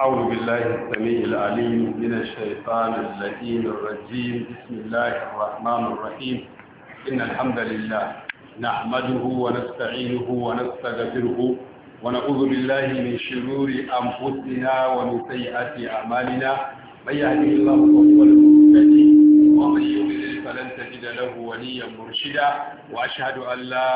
أعوذ بالله السميع العليم من الشيطان اللئيم الرجيم بسم الله الرحمن الرحيم إن الحمد لله نحمده ونستعينه ونستغفره ونعوذ بالله من شرور أنفسنا ومن سيئات أعمالنا من يهده الله فهو المهتدي ومن يضلل فلن تجد له وليا مرشدا وأشهد أن لا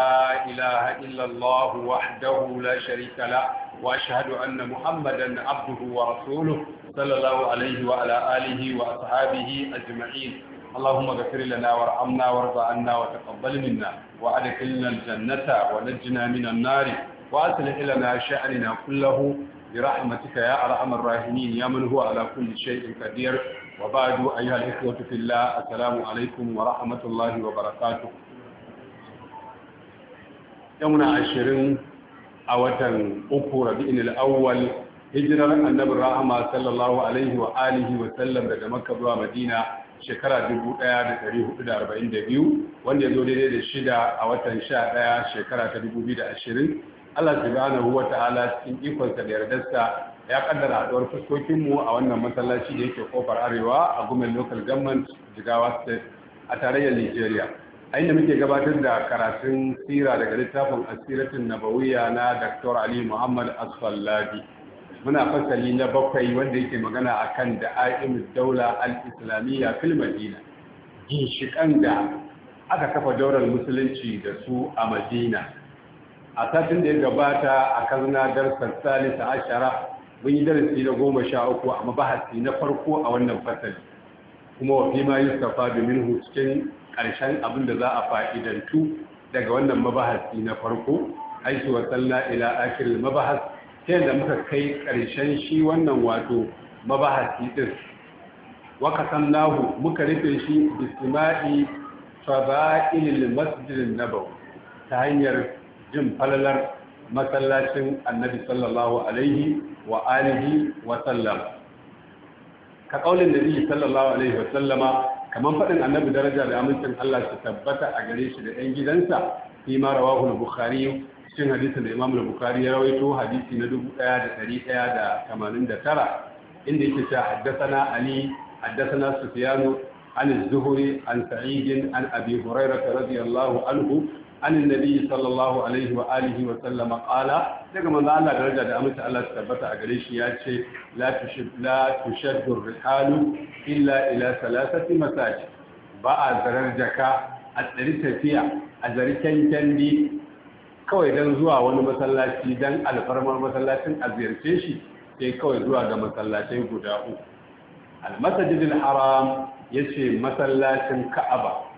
إله إلا الله وحده لا شريك له وأشهد أن محمدا عبده ورسوله صلى الله عليه وعلى آله وأصحابه أجمعين اللهم اغفر لنا وارحمنا وارض عنا وتقبل منا وأدخلنا الجنة ونجنا من النار وأصلح لنا شأننا كله برحمتك يا أرحم الراحمين يا من هو على كل شيء قدير وبعد أيها الإخوة في الله السلام عليكم ورحمة الله وبركاته يومنا عشرين a watan uku rabi'in al-awwal hijirar annabi rahama sallallahu alaihi wa alihi wa sallam daga makka zuwa madina shekara 1442 wanda ya zo daidai da shida a watan 11 shekara ta 2020 Allah subhanahu wa ta'ala cikin ikonsa da yardarsa ya kaddara haduwar mu a wannan masallaci da yake kofar arewa a gumen local government jigawa state a tarayyar nigeria a inda muke gabatar da karatun sira daga littafin asiratun nabawiya na Dr. Ali Muhammad Asfallabi muna fasali na bakwai wanda yake magana akan da'a'im daula al-islamiyya fil Madina ginshiƙan da aka kafa daular musulunci da su a Madina a satin da ya gabata a kazna darsar salisa ashara mun yi darasi na goma sha uku a mabahasi na farko a wannan fasali kuma wa fi ma yustafa bi minhu cikin karshen abin da za a fa'idantu daga wannan mabahasi na farko aiki wa salla ila akiril mabahas sai da muka kai karshen shi wannan wato mabahasi din waka sallahu muka rufe shi bisima'i fada'ilil masjidin Nabaw" ta hanyar jin falalar masallacin annabi sallallahu alaihi wa alihi wa sallam ka kaulin nabi sallallahu alaihi wa sallama kaman fadin annabi daraja da amincin Allah su tabbata a gare shi da 'yan gidansa fi ma rawahu al-bukhari cikin hadisin da Imam al-bukhari ya rawaito hadisi na 1189 inda yake cewa haddathana ali haddathana sufyan عن الزهري عن سعيد عن أبي هريرة رضي الله عنه عن النبي صلى الله عليه وآله وسلم قال daga manzo Allah daraja da amince Allah ta tabbata a gare shi ya ce la tushid la illa ila thalathati masajid ba a zarar jaka a tsari tafiya a zari kyankyandi kawai dan zuwa wani masallaci dan alfarmar masallacin a ziyarce shi sai kawai zuwa ga masallacin guda uku al-masajidul haram yace masallacin ka'aba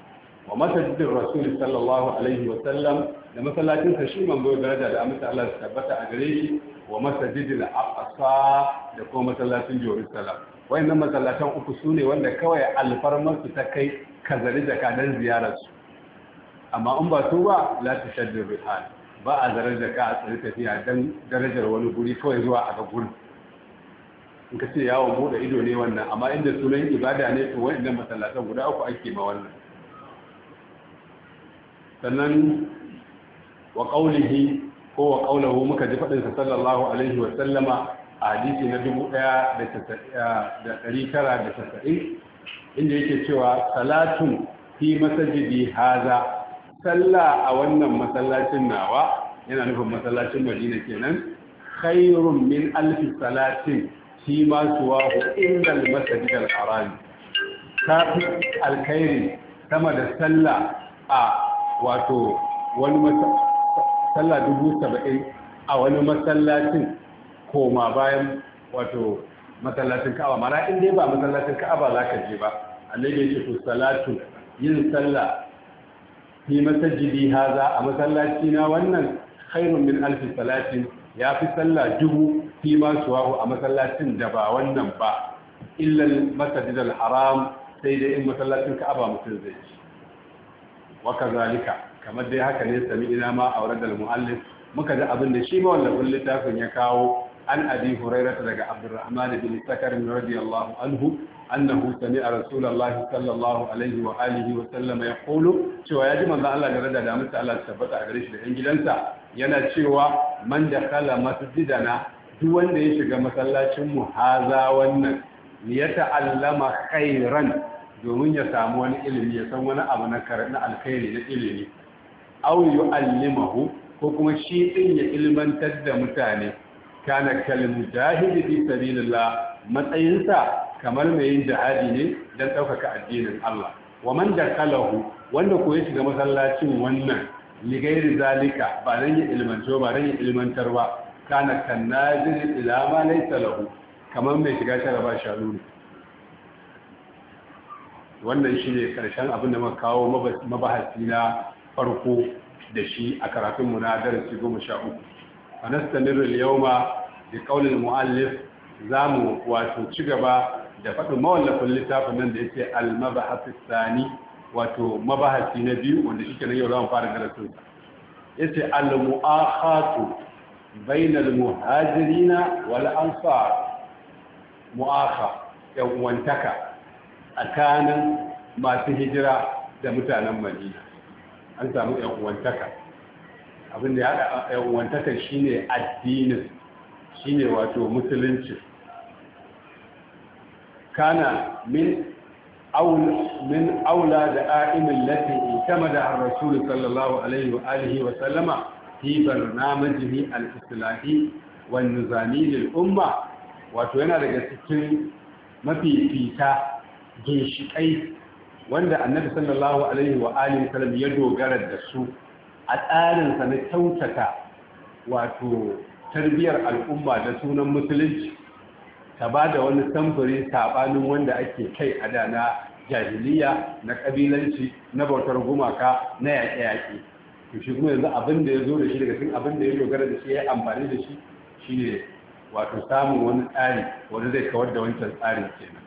wa masajidin rasul sallallahu alaihi wa sallam da masallacin sa shi man bai daraja da amince Allah ta tabbata a gare shi wa masajidil aqsa da kuma masallacin Jerusalem wayannan masallatan uku sune wanda kawai alfarmar su ta kai kazari da kadan ziyarar su amma in ba su ba la tashaddu rihal ba a zarar da ka a tsari tafiya dan darajar wani guri kawai zuwa a ga gurin in ka ce yawon bude ido ne wannan amma inda sunan ibada ne to wayannan masallatan guda uku ake ma wannan sannan wa qaulihi ko wa muka ji fadin sa sallallahu alaihi wa sallama a hadisi na 1990 inda yake cewa salatun fi masajidi haza sallah a wannan masallacin nawa yana nufin masallacin madina kenan khairun min alfi salatin shi ma suwa inda masajid al-haram ta fi alkhairi sama da sallah a wato wani sallah dubu saba'in a wani masallacin koma bayan wato masallacin ka'aba mana in dai ba masallacin ka'aba za ka je ba annabi ce to salatu yin sallah fi masajidi haza a masallaci na wannan khairun min alfi salatin ya fi sallah dubu fi ma suwahu a masallacin da ba wannan ba illal masajidal al haram sai dai in masallacin ka'aba mutum zai ci Wakazalika, kamar dai haka ne sami ina ma aurada muallif muka ji abin da shi ma wannan littafin ya kawo an abi hurairah daga abdurrahman bin sakar radiyallahu anhu annahu sami'a rasulallah sallallahu alaihi wa alihi wa sallam yaqulu cewa ji manzo Allah da rada da mutum Allah tabbata a gare shi da yan gidansa yana cewa man dakhala masjidana duk wanda ya shiga masallacin mu haza wannan ya ta'allama khairan domin ya samu wani ilimi ya san wani abu na alkhairi na ilimi au yu'allimahu ko kuma shi din ya ilimantar da mutane kana kal jahidi fi sabilillah matsayinsa kamar mai yin jihadi ne dan ɗaukaka addinin Allah wa man dakalahu wanda ko ya shiga masallacin wannan ligairi zalika ba dan ya ilmanto ba dan ya ilmantar ba kana kan nazir ila ma lahu kamar mai shiga sharaba sharuri wannan shi ne karshen abin da muka kawo mabahasi na farko da shi a karatunmu na darasi goma sha uku a nastanin yauma da ƙaunin mu'allif za mu wato ci gaba da faɗin mawallafin littafin nan da ya ce almabahasi sani wato mabahasi na biyu wanda shi kenan yau za mu fara darasin ya ce almu'ahatu bainal muhajirina wal ansar mu'aha yan uwantaka tsakanin masu hijira da mutanen madina an samu yan'uwantaka abin da ya haɗa shi ne addinin ne wato musulunci kana min من أولى دائم التي اعتمدها wa sallama, الله عليه وآله وسلم في برنامجه الإصلاحي umma. Wato yana لغا سكين mafi fita. ginshiƙai wanda annabi sallallahu alaihi wa alihi sallam ya dogara da su a tsarinsa na kyautata wato tarbiyyar al'umma da sunan musulunci ta ba da wani samfuri saɓanin wanda ake kai a da na jahiliya na ƙabilanci na bautar gumaka na yaƙe-yaƙe to shi kuma yanzu abin da ya zo da shi daga cikin abin da ya dogara da shi ya amfani da shi shine wato samun wani tsari wanda zai kawar da wancan tsarin kenan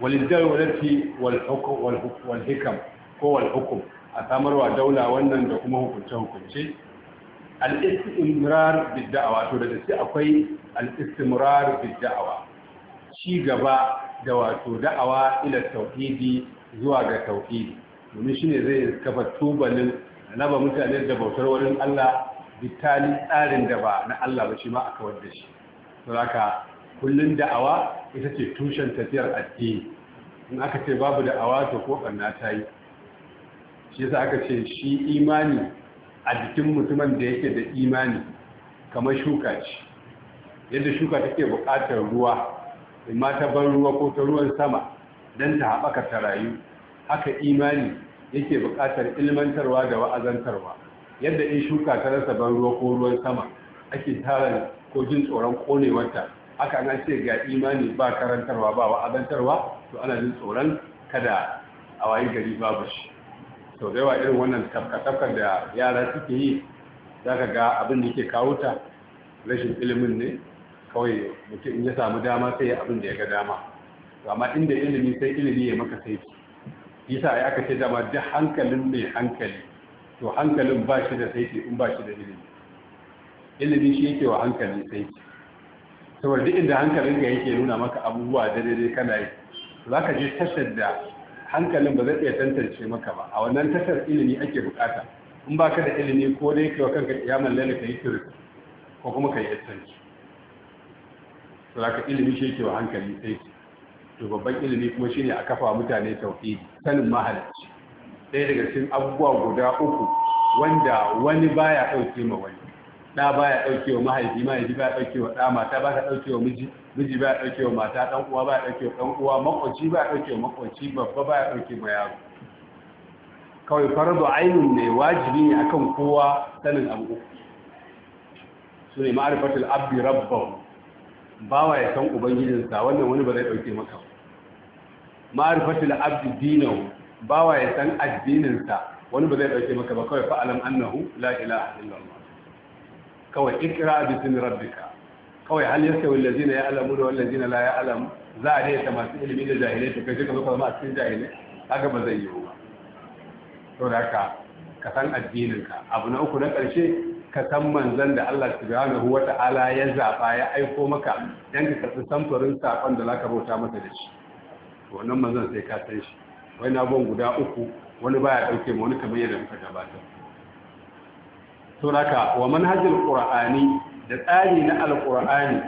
walidawlati wal hikam ko wal hukum a samarwa daula wannan da kuma hukunce hukunce al-istimrar bid da'awa to da sai akwai al-istimrar bid da'awa ci gaba da wato da'awa ila tauhidi zuwa ga tauhidi domin shine zai kafa tubalin raba mutane da bautar wurin Allah bitali tsarin da ba na Allah ba shi a kawar da shi saboda Kullum da'awa ita ce tushen tafiyar addini in aka ce babu da'awa to ko kanna ta yi shi yasa aka ce shi imani a jikin mutumin da yake da imani kamar shuka ce yadda shuka take buƙatar ruwa amma ta ban ruwa ko ta ruwan sama don ta haɓaka ta rayu haka imani yake buƙatar ilmantarwa da wa'azantarwa yadda in shuka ta rasa ban ruwa ko ruwan sama ake tara ko jin tsoron ƙonewarta aka an ce ga imani ba karantarwa ba wa'azantarwa to ana jin tsoron kada a wayi gari babu shi to da yawa irin wannan tafka da yara suke yi za ka ga abin da ke kawo ta rashin ilimin ne kawai mutum in ya samu dama sai ya abin da ya ga dama To amma inda ilimi sai ilimi ya maka saiti yasa ya aka ce dama duk hankalin mai hankali to hankalin ba shi da saiti in ba shi da ilimi ilimi shi yake wa hankali saiti saboda duk inda hankalin ga yake nuna maka abubuwa da daidai kana yi za ka je tashar da hankalin ba zai iya tantance maka ba a wannan tashar ilimi ake bukata in ba ka da ilimi ko dai kai kanka kiyamar lalata ka yi kiri ko kuma ka yi tantance to za ka ilimi shi ke wa hankali sai to babban ilimi kuma shine a kafa mutane tauhidi sanin mahalicci ɗaya daga cikin abubuwa guda uku wanda wani baya ɗauke ma wani ɗa baya ɗauke wa mahaifi mahaifi baya ɗauke wa ɗa mata baya ɗauke wa miji miji baya ɗauke wa mata ɗan uwa baya ɗauke wa ɗan uwa makwaci baya ɗauke wa makwaci babba baya ɗauke wa yaro kawai faradu ainihin ne wajibi ne akan kowa sanin abu su ne ma'arifatul abdi rabbahu bawa ya san ubangijinsa wannan wani ba zai ɗauke maka ma'arifatul abdi dinahu bawa ya san addininsa wani ba zai ɗauke maka ba kawai fa'alam annahu la ilaha illallah kawai ikra bismi rabbika kawai hal yastawi allazina ya'lamuna wal ladzina la ya'lamu za a dai ta masu ilimi da jahilai to kai ka zo ka zama a cikin jahilai haka ba zai yiwu ba to da ka ka san addinin ka abu na uku na karshe ka san manzon da Allah subhanahu wata'ala ya zaba ya aiko maka dan ka karbi samfurin sakon da zaka bauta masa da shi to wannan manzon sai ka san shi wai na gon guda uku wani baya dauke ma wani kamar yadda muka gabatar suraka wa manhajin ƙura'ani da tsari na alƙura'ani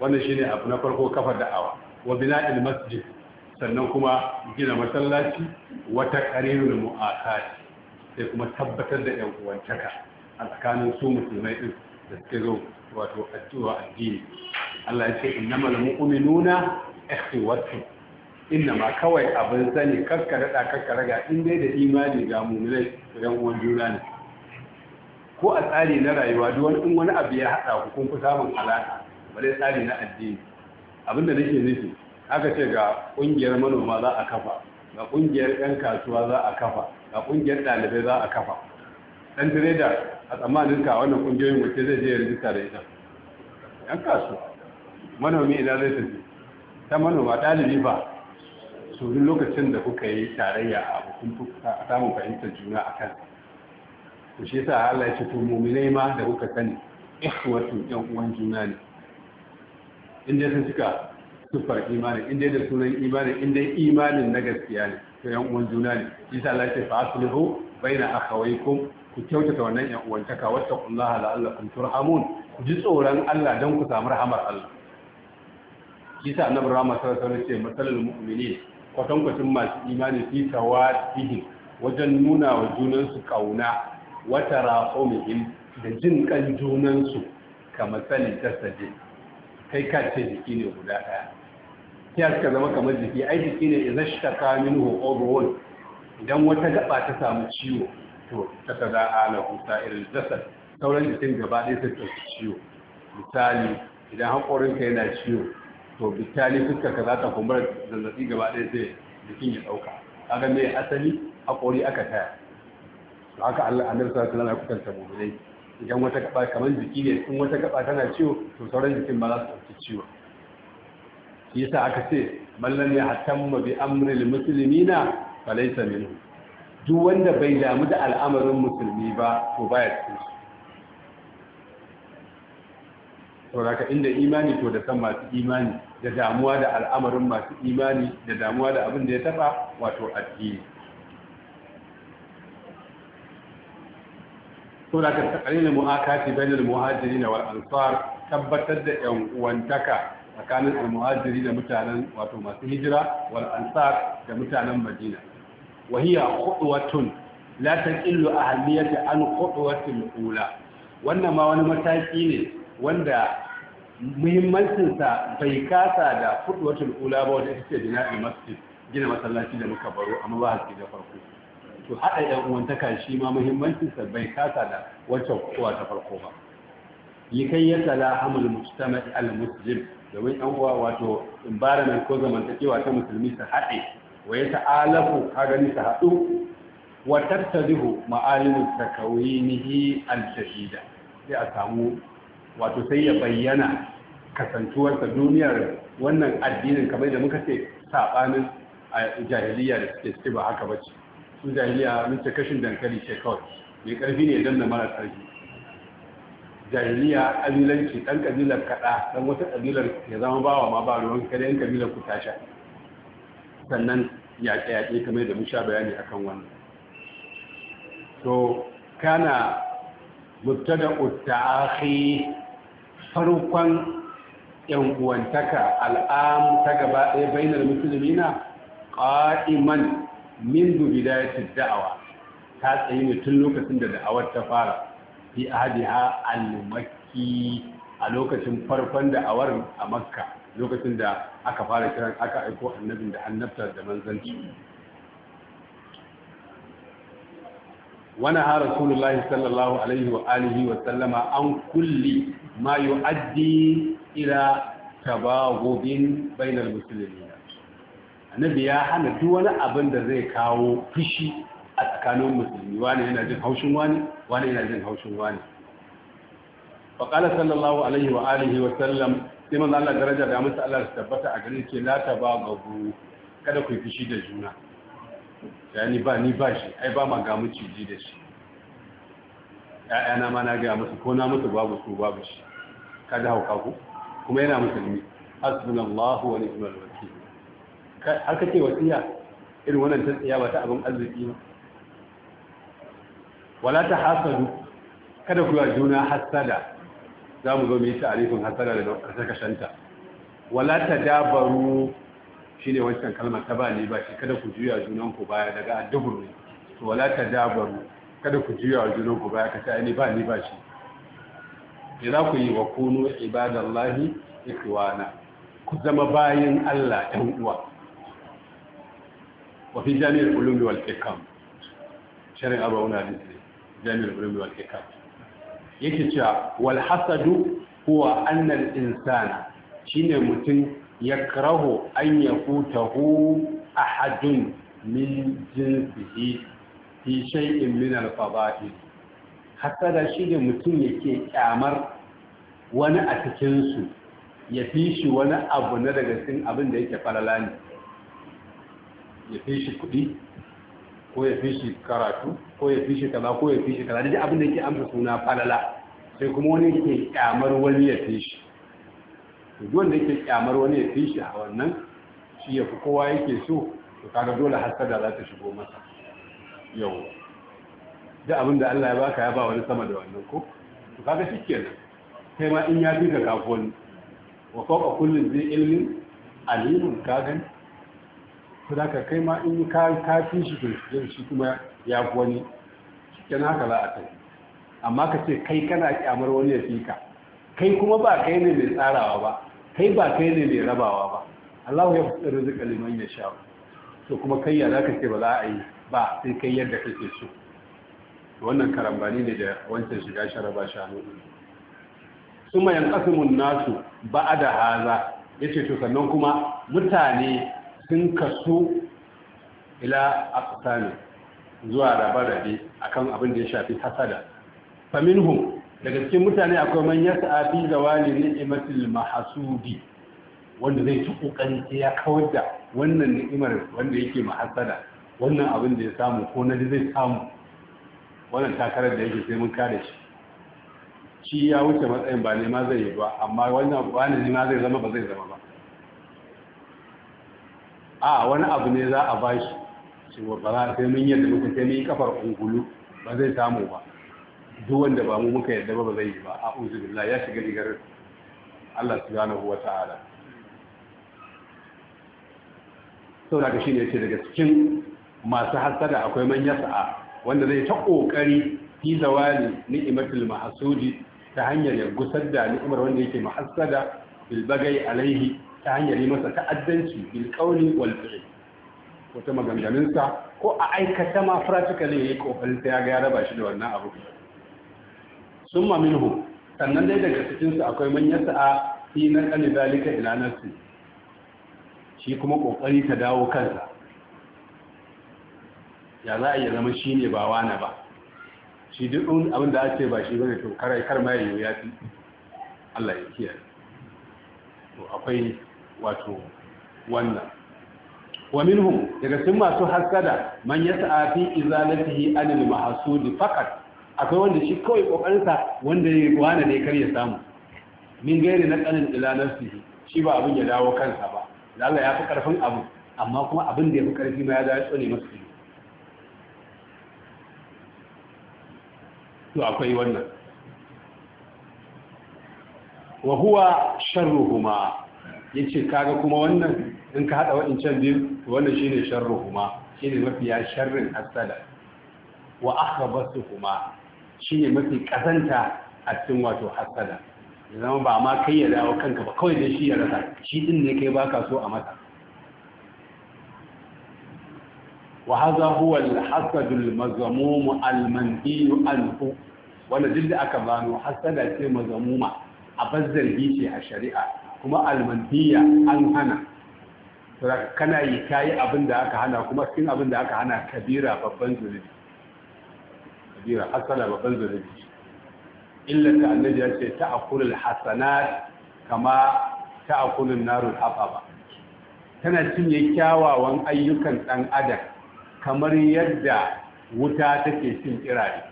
wannan shine abu na farko kafar da'awa wa bina masjid sannan kuma gina masallaci wata ƙaririn mu'akari sai kuma tabbatar da yan uwantaka a tsakanin su musulmai din da suke zo wato addu'a addini Allah ya ce innamal mu'minuna ikhwatu inna ma kawai abin sani kakkara da kakkara ga in dai da imani ga mu'minai yan uwan juna ne ko a tsari na rayuwa duk wani in wani abu ya haɗa ku kun kusa samun alaƙa bare tsari na addini abinda nake nufi aka ce ga ƙungiyar manoma za a kafa ga ƙungiyar 'yan kasuwa za a kafa ga ƙungiyar ɗalibai za a kafa dan direda a tsammanin ka wannan ƙungiyoyin wace zai je rijista da ita 'yan kasuwa manomi ina zai tafi ta manoma ɗalibi ba su lokacin da kuka yi tarayya a samun fahimtar juna a kansa to shi yasa Allah ya ce to mu'minai ma da kuka sani ikhwatu yan uwan juna ne in dai sun cika sufar imani in dai da sunan imani in dai imanin na gaskiya ne to yan uwan juna ne shi yasa Allah ya ce fa aslihu baina akhawaykum ku kyautata wannan yan uwantaka wattaqullaha la'allakum turhamun ku ji tsoron Allah dan ku samu rahamar Allah yasa annabi rahama sallallahu alaihi wasallam ce masalul mu'minin kwatankwacin masu imani fi tawadihim wajen nuna wa junansu kauna wata rahomihim da jin kan junansu kamar sanin tasaje kai ka ce jiki ne guda ɗaya ya suka zama kamar jiki ai jiki ne idan shi ta kamin overall idan wata gaba ta samu ciwo to ta ta za a na kusa irin jasad sauran jikin gaba ɗaya ta ciwo misali idan ka yana ciwo to bitali fuska ka za ta kumbura zazzaɓi gaba ɗaya sai jikin ya ɗauka kaga me asali haƙori aka taya to haka Allah a sallallahu alaihi wasallam ya kusanta mu'minai idan wata gaba kamar jiki ne in wata gaba tana ciwo to sauran jikin ba za su ɗauki ciwo shi yasa aka ce mallan ya hatamma bi lil muslimina laysa minhu duk wanda bai damu da al'amarin musulmi ba to baya cikin su sauraka inda imani to da san masu imani da damuwa da al'amarin masu imani da damuwa da abin da ya taba wato addini suna ka tsakalin mu'akati bayan al-muhajiri na wal ansar tabbatar da yan uwantaka tsakanin al-muhajiri da mutanen wato masu hijira wal ansar da mutanen madina wa hiya khudwatun la taqillu ahliyata an khudwatil ula wannan ma wani mataki ne wanda muhimmancin sa bai kasa da khudwatul ula ba wanda ita ce bina masjid gina masallaci da muka baro amma ba haske da farko to haɗa yan uwantaka shi ma muhimmancinsa bai kasa da wacce kowa ta farko ba yi kai ya sala amul mujtama al muslim domin yan uwa wato environment ko zamantakewa ta musulmi su haɗe wa ya ta'alafu ka gani su haɗu wa tattalihu ma'alimu takawinihi al shahida sai a samu wato sai ya bayyana kasantuwarsa duniyar wannan addinin kamar da muka ce saɓanin a jahiliya da suke ba haka bace sun jahiliya mun ce kashin dankali ce kawai mai karfi ne dan da mara karfi jahiliya kabilanci dan kabilar kaɗa dan wata kabilar ya zama bawa ma ba ruwan kada yan kabilar ku tasha sannan yaƙe yaƙe kamar da mun sha bayani akan wannan to kana mubtada ta'akhi farkon yan uwantaka al'am ta gaba ɗaya bainar musulmina qa'iman منذ بداية الدعوة تاسعين تلوك سند دعوة تفارة في أحدها المكي ألوك تنفرفن دعوة مكة لوك سند أكفارة كران أكا إكو النبي دعا النبتة دمان زنجي ونهى رسول الله صلى الله عليه وآله وسلم عن كل ما يؤدي إلى تباغض بين المسلمين annabi ya hana duk wani abin da zai kawo fushi a tsakanin musulmi wani yana jin haushin wani wani yana jin haushin wani qala sallallahu alaihi wa alihi wa sallam sai manzo Allah daraja da musu Allah su tabbata a garin ke la ta ba gabu kada ku fushi da juna yani ba ni ba shi ai ba ma ga mu ciji da shi na ma na ga musu ko na musu babu su babu shi kada hauka ku kuma yana musulmi hasbunallahu wa ni'mal wakeel har kake wasiya irin wannan tantsiya ba ta abin arziki ba wala ta hasadu kada ku yi juna hasada za mu zo mu yi ta'arifin hasada da kasar kashanta wala ta dabaru shi ne wancan kalmar ta ba ne ba shi kada ku juya junanku baya daga addubur ne to wala ta dabaru kada ku juya junanku baya kasa ne ba ne ba shi ne za ku yi wa kunu ibadallahi ikwana ku zama bayin Allah ɗan uwa wa fi jami'ar ulumi wal hikam sharin abu wani jami'ar ulumi wal hikam yake cewa wal hasadu huwa annal insana shine mutum yakrahu an yakutahu ahadun min jinsihi fi shay'in min al-fada'il hasada shine mutum yake ƙyamar wani a cikinsu ya fishi wani abu na daga cikin abin da yake falala ne ya fi shi kuɗi ko ya fi shi karatu ko ya fi shi kaza ko ya fi shi kaza da abin da ke amsa suna falala sai kuma wani ke kyamar wani ya fi shi duk wanda ke kyamar wani ya fi shi a wannan shi ya fi kowa yake so to kaga dole da za ta shigo masa yau da abin da Allah ya baka ya ba wani sama da wannan ko to kaga shikenan sai ma in ya fi ka kafon wa fawqa kulli zai ilmin alimun kagan sadaka kai ma in ka kafi shi to yau shi kuma ya fi wani cikin haka za a kai amma ka ce kai kana kyamar wani ya fi ka kai kuma ba kai ne mai tsarawa ba kai ba kai ne mai rabawa ba Allah ya fi rizika liman ya sha to kuma kai ya zaka ce ba za a yi ba sai kai yadda kake so wannan karambani ne da wancan shiga sharaba shanu suma yanqasimun nasu da haza yace to sannan kuma mutane sun kasu ila aqsani zuwa rabe-rabe akan abin da ya shafi hasada faminhum daga cikin mutane akwai man sa'afi da wani ni'matil mahsudi wanda zai ci kokari sai ya kawar da wannan ni'imar wanda yake mahasada wannan abin da ya samu ko na zai samu wannan takarar da yake sai mun kare shi shi ya wuce matsayin ba ne ma zai yi ba amma wannan ba ne ma zai zama ba zai zama ba a wani abu ne za a bashi shi wa bara sai mun yadda muka sai mun yi kafar ungulu ba zai samu ba duk wanda ba mu muka yadda ba ba zai yi ba a uzu billah ya shiga digar Allah subhanahu wa ta'ala da ka ne yace daga cikin masu hasada akwai man sa'a, wanda zai ta kokari fi zawali ni'matul mahsudi ta hanyar ya gusar da ni'imar wanda yake mahassada bil bagai alaihi ta hanyar yi masa ta'addanci bil qawli wal fi'l wata maganganunsa ko a aikata ma practically yayi kokarin ya ga ya raba shi da wannan abu summa minhu sannan dai daga cikin su akwai man sa'a, fi na kan zalika ila nafsi shi kuma kokari ta dawo kansa ya za a iya zama shi ne ba wani ba shi duk abin da ce ba shi bane to kar ma ya yi ya fi Allah ya kiyaye to akwai wato wannan wa minhum daga cikin masu hasada man yasa fi izalatihi anil mahsud faqat akwai wanda shi kawai kokarinsa wanda ya wani ne kar ya samu min gairi na kanin ila nafsihi shi ba abin ya dawo kansa ba Allah ya fi karfin abu amma kuma abin da ya fi karfi ma ya dawo tsone masa to akwai wannan wa huwa sharruhuma ya ce kaga kuma wannan in ka haɗa waɗancan biyu to wannan shine sharru kuma ne mafiya sharrin asala wa basu kuma shi ne mafi kazanta a cikin wato hasada ya zama ba ma kai ya dawo kanka ba kawai dai shi ya rasa shi ɗin ne kai baka so a mata. wa hadha huwa al-hasad al-mazmum al-manfi anhu wanda duk da aka bano hasada ce mazmuma a bazzar ce a shari'a kuma almantiya an hana kana yi kayi abin da aka hana kuma cikin abin da aka hana kabira babban zunubi kabira hasala babban zunubi illa ta annabi ya ce akulul hasanat kama ta'kulun narul hafaba tana cinye kyawawan ayyukan dan adam kamar yadda wuta take cin kirare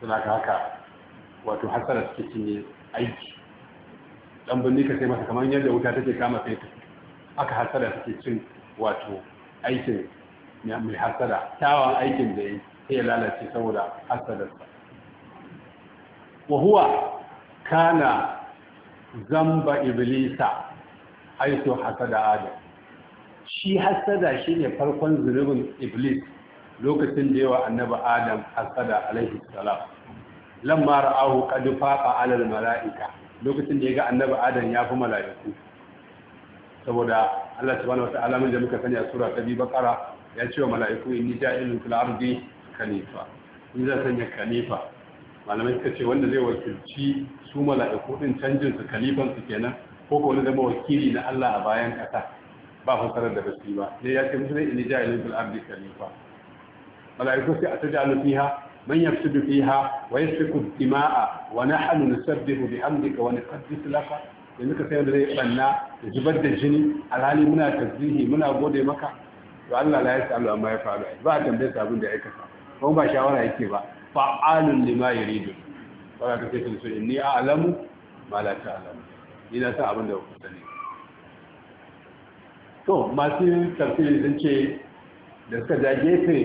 suna haka wato hasara suke cinye aiki dan binni ka sai masa kamar yadda wuta take kama sai aka hasada take cin wato aikin mai hasada tawa aikin da ya sai ya lalace saboda hasadarsa wa huwa kana zamba iblisa haitu hasada adam shi hasada shine farkon zunubin iblis lokacin da yawa annabi adam hasada alaihi salam lamma ra'ahu qad faqa ala al mala'ika lokacin da ya ga annabi adam ya fi mala'iku saboda Allah subhanahu wata alamun da muka sani a sura ta biyu bakara ya ce wa mala'iku inni ja'ilun fil ardi kanifa in zai sanya kanifa malamai suka ce wanda zai wakilci su mala'iku din canjin su kanifan su kenan ko ko wani zama wakili na Allah a bayan kasa ba fasarar da basu ba ne ya ce musu ne ardi kanifa. sai a tajalu fiha من يفسد فيها ويسفك الدماء ونحن نسبح بحمدك ونقدس لك yanzu ka sayar da zai banna da zubar da jini alhali muna tasbihi muna gode maka to Allah la yasa amma ya faru ba tambaye sabon da ya kasa kuma ba shawara yake ba fa'alun lima yuridu wala ka sai su inni a'lamu ma la ta'lamu ina sa abin da ku sani to masu tafsiri sun ce da suka ja gefe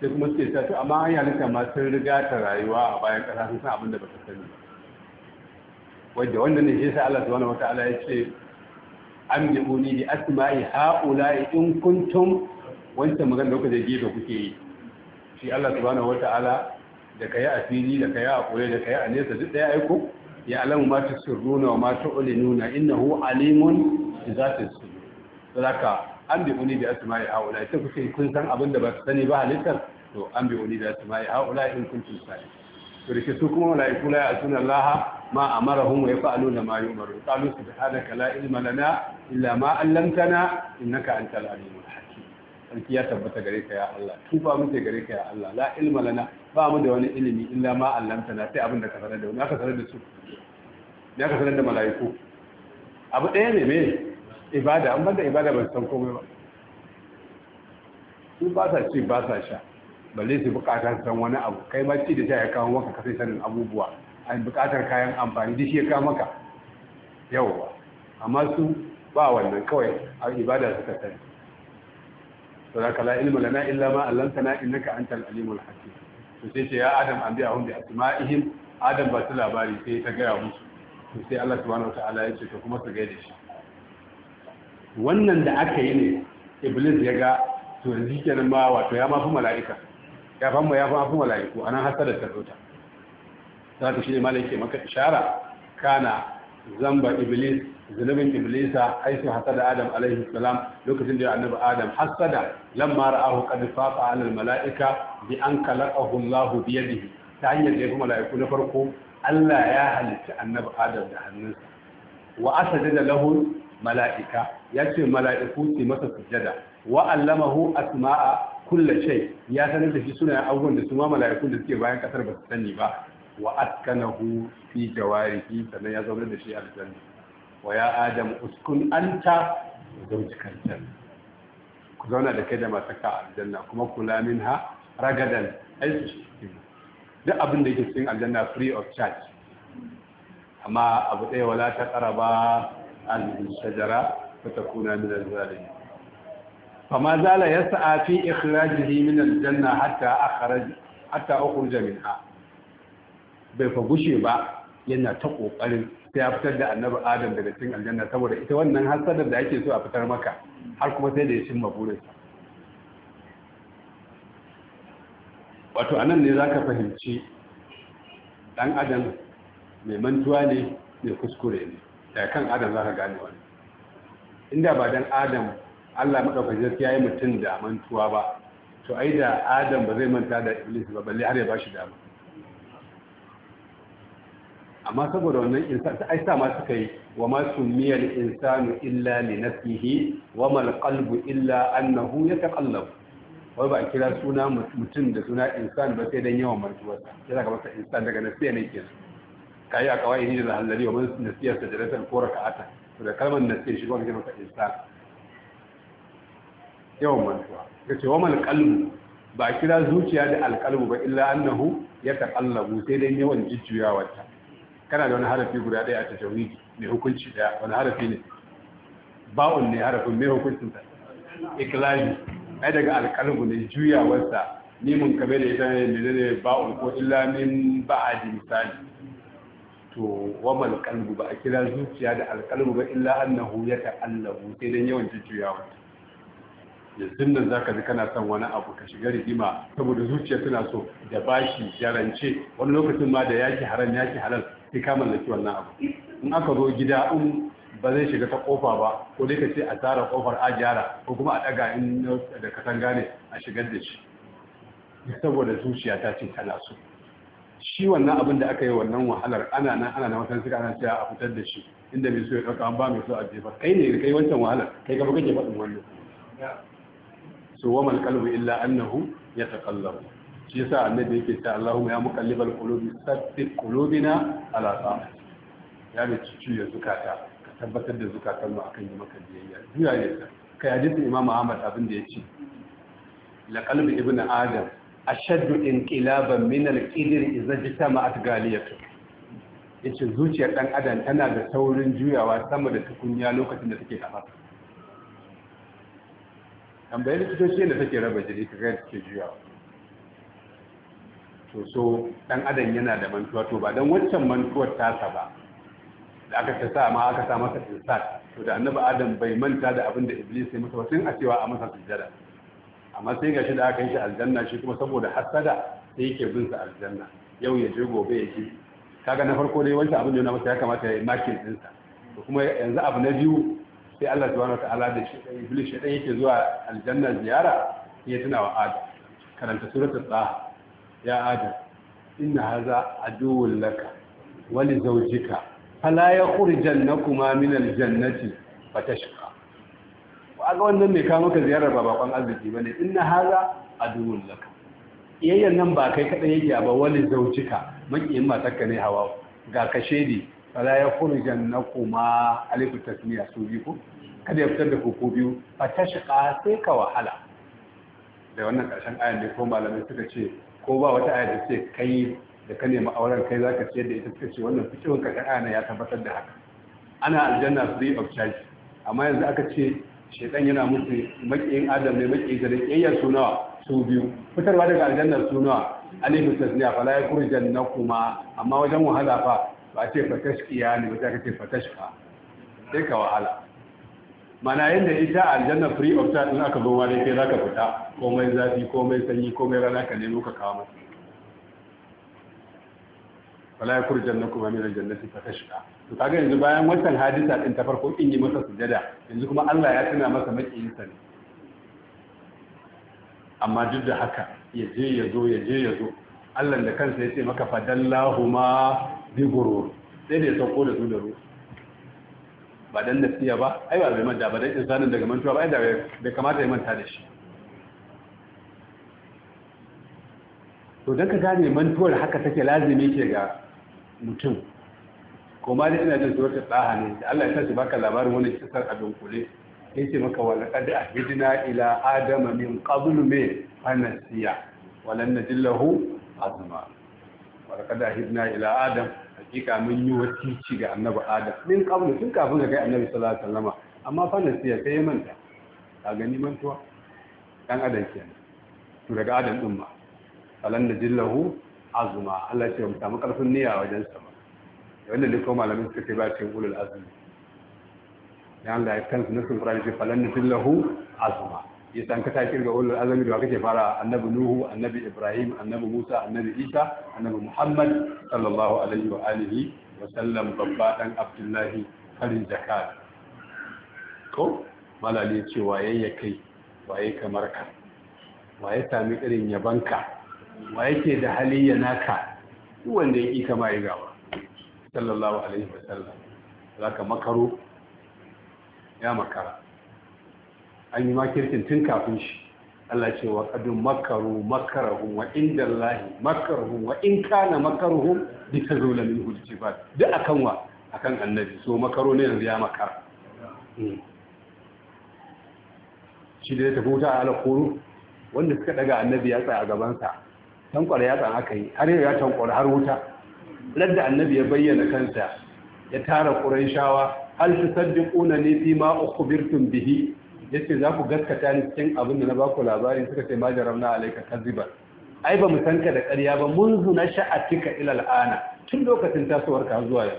sai kuma suke ta to amma hanyar halitta ma sun riga ta rayuwa a bayan ƙasa sun san abin da ba ta sani wanda ne shi sa Allah subhanahu wataala ya ce an am yaquni li asma'i haula'i in kuntum wancan magana da kuka je gefe kuke yi shi Allah subhanahu wataala da yi a fili da yi a koye da yi a nesa duk ɗaya aiko ya alamu ma surruna wa ma tu'linuna innahu alimun bi su sudur sadaka an bi uni da asma'i haula ita kuke kun san abin da ba su sani ba halittar to an bi uni da asma'i haula in kun kuntum sai to dake su kuma malaiku la ya'tuna allaha ma amarahum wa yaf'aluna ma yu'maru qalu subhanaka la ilma lana illa ma 'allamtana innaka antal alimul hakim sarki ya tabbata gare ka ya Allah ba muke gare ka ya Allah la ilma lana ba mu da wani ilimi illa ma 'allamtana sai abin da ka sanar da mu aka sanar da su da aka sanar da malaiku abu ɗaya ne me ibada an bada ibada ba san komai ba su ba sa ci ba sa sha balle su bukatar san wani abu kai ma ci da sha ya kawo maka kasai sanin abubuwa a bukatar kayan amfani da shi ya kawo maka yawwa amma su ba wannan kawai a ibada suka sani sadaka la ilma lana illa ma allantana innaka antal alimul hakim to sai ce ya adam an biya hum bi asma'ihim adam ba su labari sai ta gaya musu to sai Allah subhanahu wa ta'ala ya ce to kuma su gaida shi wannan da aka yi ne iblis ya ga to yanzu kenan ma wato ya mafi mala'ika ya famu ya mafi mala'iku anan hasada ta zo ta za ta shine malai ke maka ishara kana zamba iblis zunubin iblisa aisu hasada adam alaihi salam lokacin da ya annabi adam hasada lamma ra'ahu qad faqa ala al mala'ika bi an khalaqahu Allah bi yadihi ta hanyar da ya fi mala'iku na farko Allah ya halitta annabi adam da hannunsa wa asajada lahu mala'ika ya ce mala'iku ce masa sujada wa allamahu asma'a kulla shay ya sanar da shi suna abubuwan da su ma mala'ikun da suke bayan kasar ba su sani ba wa askanahu fi jawarihi sannan ya zaune da shi a aljanna wa ya adam uskun anta zawjikal janna ku zauna da kai da matarka a aljanna kuma kula minha ragadan aiki duk abin da yake cikin aljanna free of charge amma abu ɗaya wala ta ƙara ba هذه الشجرة فتكون من الظالمين فما زال يسعى في إخراجه من الجنة حتى أخرج حتى أخرج منها بفغشي با yana ta kokarin sai a fitar da annabi adam daga cin aljanna saboda ita wannan hasadar da ake so a fitar maka har kuma sai da ya cimma burinsa wato anan ne zaka fahimci ɗan adam mai mantuwa ne mai kuskure ne da kan adam za ka gane wani inda ba dan adam allah maɗaukacin gaskiya ya mutum da mantuwa ba to ai da adam ba zai manta da iblis ba balle har ya ba shi dama amma saboda wannan insa, ai sa ma suka yi wa ma sumiyal insanu illa li nafsihi wa mal qalbu illa annahu yataqallab wai ba kira suna mutum da suna insan ba sai dan yawan mantuwa sai ka masa insan daga nafsiya ne kenan ka yi a kawai hijira hanzari wa man nasiyar ta jalatar ko raka'ata to da kalmar nasiyar shi wani maka sa. yawan mantuwa ga ce wa mal kalbu ba kira zuciya da alkalbu ba illa annahu ya taqallabu sai dai yawan jujjuyawa ta kana da wani harafi guda daya a tajawidi mai hukunci daya wani harafi ne ba'un ne harafin mai hukuncin ta iklali ai daga alkalbu ne juyawarsa nimun kabe da ita ne ne ba'un ko illa min ba'adi misali to wamal kalbu ba a kira zuciya da alkalbu ba illa annahu ya ta'allahu sai dan yawan jujjuyawa yanzu nan zaka ji kana son wani abu ka shiga rigima saboda zuciya tana so da bashi jarance wani lokacin ma da yaki haram yaki halal sai ka mallaki wannan abu in aka zo gida in ba zai shiga ta kofa ba ko dai ka ce a tsara kofar a gyara ko kuma a daga in da katanga ne a shigar da shi saboda zuciya ta ce tana so shi wannan abin da aka yi wannan wahalar ana nan ana nan wasan suka ana cewa a fitar da shi inda mai so ya ɗauka an ba mai so a jefa kai ne kai wancan wahalar kai kafa kake faɗin wannan so wa mal qalbu illa annahu yataqallabu shi yasa annabi yake cewa Allahumma ya muqallibal qulubi sabbit qulubina ala ta'at ya ne cici ya zukata ka tabbatar da zukatan mu akan yi maka biyayya juya ne kai hadisin Imam Ahmad abin da ya ce la qalbi ibnu adam ashaddu inqilaban min al-qidr idza jitama'at galiyatu yace zuciyar dan adam tana da saurin juyawa sama da tukunya lokacin da take kafa tambayar likitoci da take raba jiri ta ga take juyawa to so dan adam yana da mantuwa to ba dan wancan mantuwar tasa ba da aka ta sa ma aka sa masa insat to da annabi adam bai manta da abin da iblis ya masa wasin a cewa a masa sujjada amma sai gashi da aka yi shi aljanna shi kuma saboda hasada sai yake bin sa aljanna yau ya je gobe ya ji kaga na farko dai wancan abin da yana masa ya kamata ya yi din sa to kuma yanzu abu na biyu sai Allah subhanahu wataala da shi iblis shi yake zuwa aljanna ziyara ya tuna wa adam karanta suratul taha ya adam inna hadha aduwwun laka wa li zawjika fala yakhrijannakuma min aljannati fatashqa kaga wannan mai kawo maka ziyarar ba arziki bane inna haza aduwwun lak iyayyan nan ba kai kada yake ba wani zaujika makiyin matarka ne hawa ga kashedi fala ya furjan na kuma alifu tasmiya su bi ku. kada ya fitar da koko biyu fa tashqa sai ka wahala da wannan karshen ayan ne ko malamai suka ce ko ba wata aya da ce kai da ka nemi auren kai zaka ce da ita suka ce wannan fikihun karshen ayan ya tabbatar da haka ana aljanna free of charge amma yanzu aka ce shaitan yana musu makin adam ne makin sa da kiyayyar su su biyu fitarwa daga aljannar su nawa alifu tasniya fala ya kuri na kuma amma wajen wahala fa ba ce fatashkiya ne ba ce fatashka sai ka wahala mana yadda ita aljanna free of charge in aka zo ma dai kai zaka fita komai zafi komai sanyi komai rana ka nemo ka kawo masa fala yakhrujannakum min aljannati fatashqa to kaga yanzu bayan wannan hadisa din ta farko in yi masa sujada yanzu kuma Allah ya tuna masa makiyinsa ne amma duk da haka ya je ya zo ya je ya zo Allah da kansa ya ce maka fadallahu ma bi gurur sai da ya sauko da su da ruwa ba dan nasiya ba ai ba bai manta ba dan insanin daga mantuwa ba ai da bai kamata ya manta da shi to dan ka gane mantuwar haka take lazimi ke ga mutum kuma da ina jin wata tsaha ne da Allah ya ba baka labarin wani kisar a dunkule ya ce maka wa a hidina ila adama min qablu me anasiya walan najillahu wani wa a hidina ila adam hakika mun yi ci ga annabi adam min kabulu tun kafin ga kai annabi sallallahu alaihi amma fa ta sai manta ka gani mantuwa dan adam kenan to daga adam din ma falan dillahu. azuma Allah ce mu samu karfin niyya wajen sama. ba wannan ne ko malamin suka ba cikin ulul azumi? dan Allah ya na sun fara ce falan nusillahu azuma ya san ka tashi ga ulul azumi da kake fara annabi nuhu annabi ibrahim annabi musa annabi isa annabi muhammad sallallahu alaihi wa alihi wa sallam babba dan abdullahi karin zakat ko malali ce waye ya kai waye kamar ka waye sami irin yabanka wa yake da haliyya naka wanda ya ƙi kama ya gawa sallallahu alaihi sallam. za ka makaro ya makara an yi makirkin tun kafin shi Allah ce wa kadun makaru makarahum wa inda Allah makarahum wa in kana makaruhum bi tazula min hujjibat duk akan wa akan annabi so makaro ne yanzu ya makara shi da ya tafi wuta a alakoro wanda suka daga annabi ya tsaya a gabansa tankwara tsan aka yi har yau ya tankwara har wuta ladda annabi ya bayyana kansa ya tara shawa. hal su ƙuna ne fi ma uku ukhbirtum bihi Ya ce za ku gaskata ni cikin abin da na baku labari suka ce ma jaramna alayka kaziba ai ba mu san da ƙarya ba mun zuna sha'atika ilal ilal'ana. tun lokacin tasowar ka zuwa yau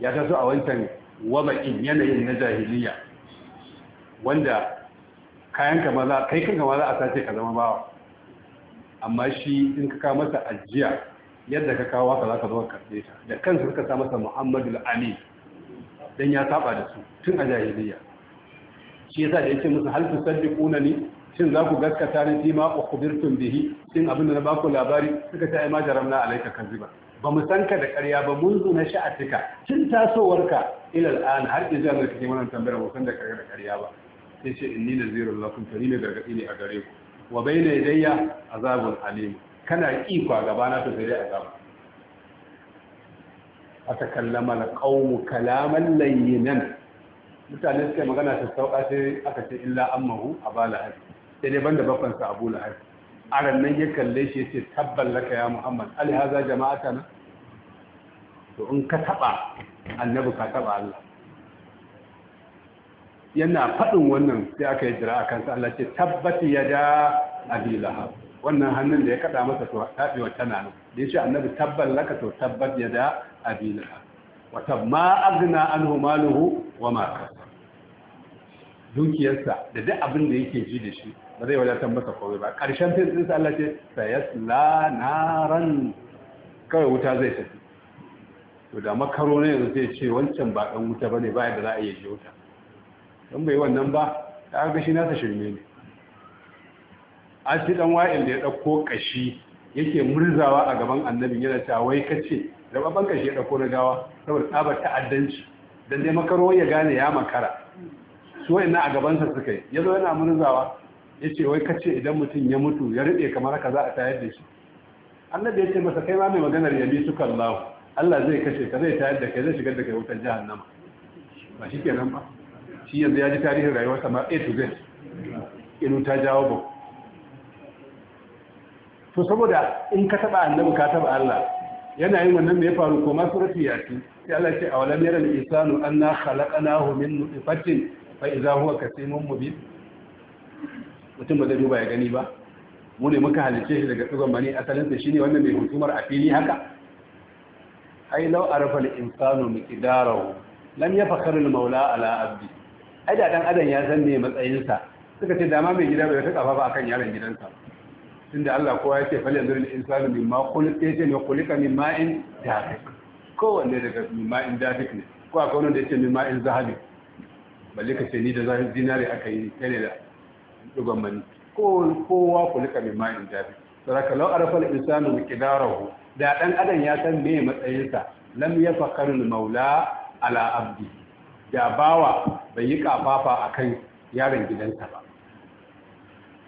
ya taso a wancan wama'in yanayin na jahiliya wanda kayan kama maza kai a sace ka zama bawa amma shi in ka kawo masa ajiya yadda ka kawo haka za ka zo ka karɓe ta da kansa suka sa masa muhammadu amin dan ya saba da su tun a jahiliya shi yasa da yake musu hal tusaddiquna ni shin za ku gaskata ni fi ma ukhbirtum bihi shin abin da na baku labari suka ta ma jaramna alayka kaziba ba mu san ka da ƙarya ba mun zo na sha'atika tun tasowarka ila al'an har da zuwa kake wannan tambayar ba san da ƙarya da ƙarya ba sai ce inni nazirul lakum tani ne gargadi ne a gare ku wa bayna yadayya azabun alim kana iko a gaba na to sai dai kallama atakallama alqawmu kalaman layyinan mutane suke magana ta sauka sai aka ce illa ammahu abala hadi sai dai banda bakon sa abu lahadi aran nan ya kalle shi yace tabbal laka ya muhammad alhaza jama'atana to in ka taɓa annabi ka taɓa Allah yana faɗin wannan sai aka yi jira a kansa Allah ce tabbati ya da abi lahab wannan hannun da ya kada masa to wa tana nan da ya ce annabi tabban laka to tabbat ya da abi lahab wata ma agna anhu maluhu wa ma kasab dukiyarsa da duk abin da yake ji da shi ba zai wadatar masa komai ba karshen fil din Allah ce sayasla naran kawai wuta zai tafi to da makaro ne yanzu zai ce wancan ba dan wuta bane ba yadda za a iya wuta don bai wannan ba ta ga shi nasa shirme ne ce dan wa'il da ya ɗauko kashi yake murzawa a gaban annabin yana ta wai kace rababban kashi ya ɗauko na gawa saboda tsabar ta'addanci dan dai makaro ya gane ya makara su na a gabansa suka yi yazo yana murzawa yace wai kace idan mutum ya mutu ya rube kamar haka za a tayar da shi annabi ya ce masa kai ma mai maganar yabi su kallahu Allah zai kace ka zai tayar da kai zai shigar da kai wutar jahannama ba shi kenan ba shi yanzu ya ji tarihin rayuwarsa ma a to z Inu ta jawo ba to saboda in ka taba annabi ka taba Allah yana yin wannan me ya faru ko masu rafi ya ci sai Allah ce a walam yara al-insanu anna khalaqnahu min nutfatin fa idza huwa kasimun mubin mutum ba zai duba ya gani ba mu ne muka halice shi daga tsugon mani asalin sa shine wannan mai hukumar a fili haka ai law arafa al-insanu miqdarahu lam yafakhar al-maula ala abdi ai da dan adam ya san me matsayinsa suka ce dama mai gida bai ta kafa ba akan yaron gidansa tunda Allah kowa ya ce fal yanzu lil insani mimma khuliqa yace ne khuliqa min ma'in dafiq kowanne daga mimma ma'in dafiq ne ko akwai wanda yake mimma ma'in zahabi balle ka ce ni da zahabi dinare aka yi kai ne da dugan mani ko kowa khuliqa min ma'in dafiq saraka law arafa al insanu miqdarahu da dan adam ya san me matsayinsa lam yafaqarul maula ala abdi da bawa bai yi kafafa akan yaron gidanta ba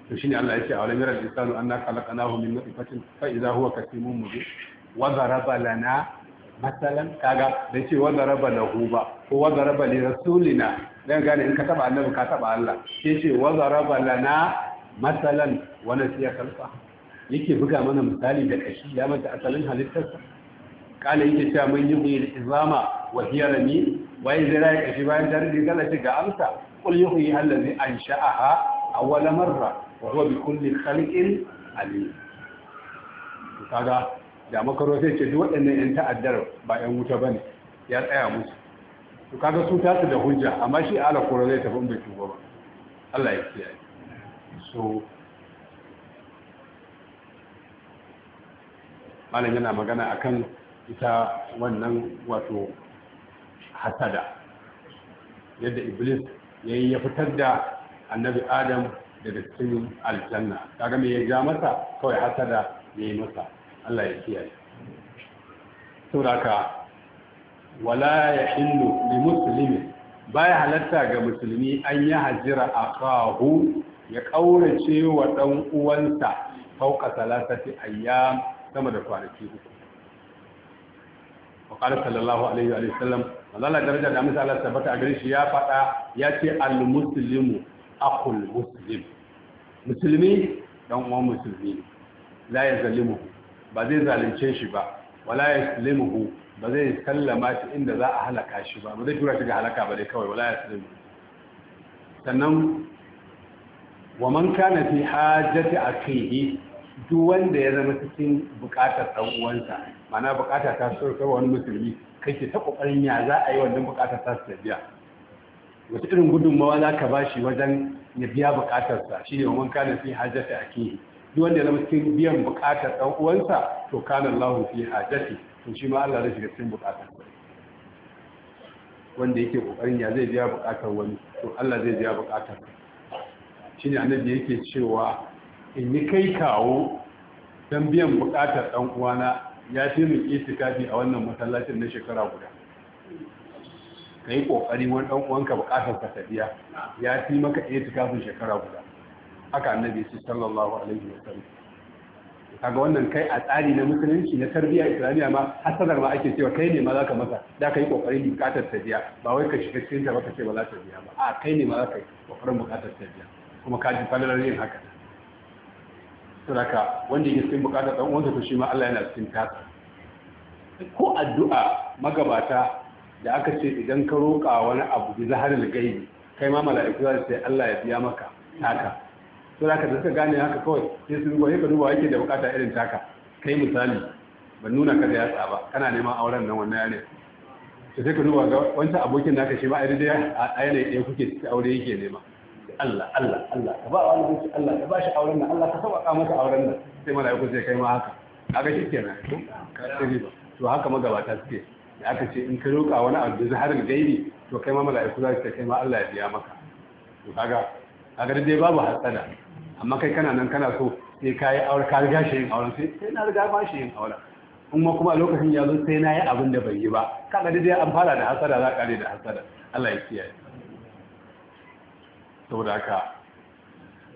to shine Allah ya ce awalam yara al-insanu anna khalaqnahu min nutfatin fa idha huwa kasimun mubin wa daraba lana masalan kaga da ce wa daraba lahu ba ko wa daraba li rasulina gane in ka taba annabi ka taba Allah Ke ce wa daraba lana masalan wa nasiya khalqa yake buga mana misali da kashi ya mata asalin halittarsa kala yake cewa mun yi huyi izama wa hiya rami waye zai rayu kashi bayan ta rage gala ce ga amsa kul yuhyi allazi ansha'aha awwala marra wa huwa bi kulli khalqin alim kaga da makaro sai ce duk waɗannan yan ta'addar ba yan wuta bane ya tsaya musu to kaga su tasu da hujja amma shi ala koro zai tafi bai tuba ba Allah ya kiyaye so malam yana magana akan ita wannan wato hasada yadda iblis ya ya fitar da annabi adam daga cikin aljanna kaga me ya ja masa kawai hasada ya yi masa allah ya kiyaye saboda wala ya illu li Ba baya halatta ga musulmi an yi hajira a kahu ya ƙaurace wa ɗan uwansa fauka salasati ayyam sama da kwanaki uku wa qala sallallahu alaihi wa sallam Allah daraja da amsa Allah tabbata a gare shi ya faɗa ya ce al muslimu aqul muslim musulmi dan uwan musulmi la yazlimuhu ba zai zalunce shi ba wala yaslimuhu ba zai sallama shi inda za a halaka shi ba ba zai tura shi ga halaka ba dai kawai wala yaslimuhu sannan wa man kana fi duk wanda ya zama cikin bukatar ɗan uwansa mana bukata ta so kai wani musulmi kake ta kokarin ya za a yi wannan bukata ta su biya wata irin gudunmawa za ka ba shi wajen ya biya sa shi ne wanka da fi hajjata a kihi duk wanda ya zama cikin biyan bukatar ɗan uwansa to kana Allahu fi hajjati to shi ma Allah zai shiga cikin bukatar wanda yake kokarin ya zai biya bukatar wani to Allah zai biya bukatar shi ne annabi yake cewa in yi kai kawo don biyan bukatar ɗan uwana ya fi min itikafi a wannan masallacin na shekara guda ka yi ƙoƙari wani ɗan uwanka buƙatar ka tafiya ya fi maka itikafin shekara guda haka annabi su sallallahu alaihi wa sallam kaga wannan kai a tsari na musulunci na tarbiyya islamiyya ma hasadar ma ake cewa kai ne ma zaka masa da ka yi ƙoƙarin buƙatar tafiya ba wai ka shiga cikin ta ba ka ce ba za ta biya ba a kai ne ma zaka ƙoƙarin buƙatar tafiya kuma ka ji falalar yin haka saraka wanda yake cikin bukatar dan uwansa to shi ma Allah yana cikin tasa ko addu'a magabata da aka ce idan ka roƙa wani abu bi zaharil gaibi kai ma mala'iku za su ce Allah ya biya maka taka saraka da suka gane haka kawai sai su duba yake duba yake da bukata irin taka kai misali ban nuna ka da yatsa ba kana neman auren nan wannan yare sai ka duba ga wancan abokin naka shi ba a yanayi ɗaya kuke aure yake nema Allah Allah Allah ka ba wani miji Allah ka ba shi auren nan Allah ka sauƙaƙa masa auren nan sai mala'iku sai kai ma haka kaga shikenan ka tsiri ba to haka magabata suke da aka ce in ka roƙa wani abu da zaharin gairi to kai ma mala'iku za su kai ma Allah ya biya maka to kaga kaga dai babu hasada amma kai kana nan kana so sai kai yi aure ka riga shi yin auren sai sai na riga ba shi yin auren kuma kuma a lokacin ya zo sai na yi abin da bai yi ba kaga dai an fara da hasada za a kare da hasada Allah ya kiyaye saboda haka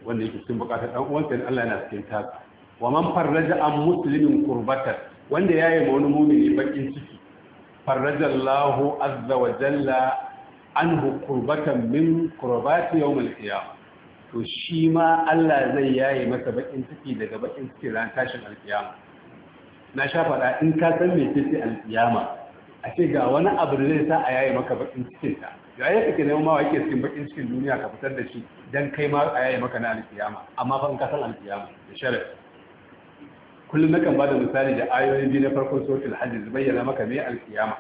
wanda yake sun bukata dan uwansa in Allah yana cikin tasa wa man farraja an muslimin qurbatan wanda yayi ma wani mumini bakin ciki farraja Allah azza wa jalla anhu qurbatan min qurbati yawm al-qiyamah to shi ma Allah zai yayi masa bakin ciki daga bakin ciki ran tashin al na sha faɗa in ka san me ce al a ce ga wani abu da zai sa a yayi maka bakin cikin ta yayin kake neman ma yake cikin bakin cikin duniya ka fitar da shi dan kai ma a yayi maka na alkiyama amma ban in ka san alkiyama da sharaf kullum nakan bada misali da ayoyin biyu na farkon suratul hajj bayyana maka me alkiyama